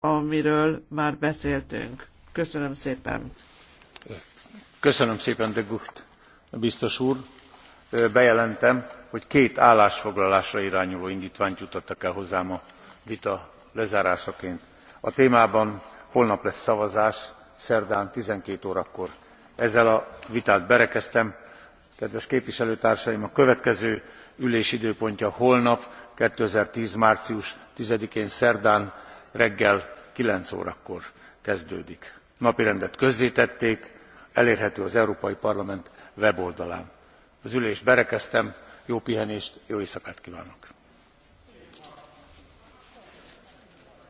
amiről már beszéltünk. Köszönöm szépen. Köszönöm szépen, de Gucht, biztos úr. Bejelentem, hogy két állásfoglalásra irányuló indítványt jutottak el hozzám a vita lezárásaként. A témában holnap lesz szavazás, szerdán 12 órakor. Ezzel a vitát berekeztem. Kedves képviselőtársaim, a következő ülés időpontja holnap, two thousand and ten március ten én szerdán reggel nine órakor kezdődik. napirendet közzétették elérhető az európai parlament weboldalán. az ülést berekeztem jó pihenést jó éjszakát kvánok!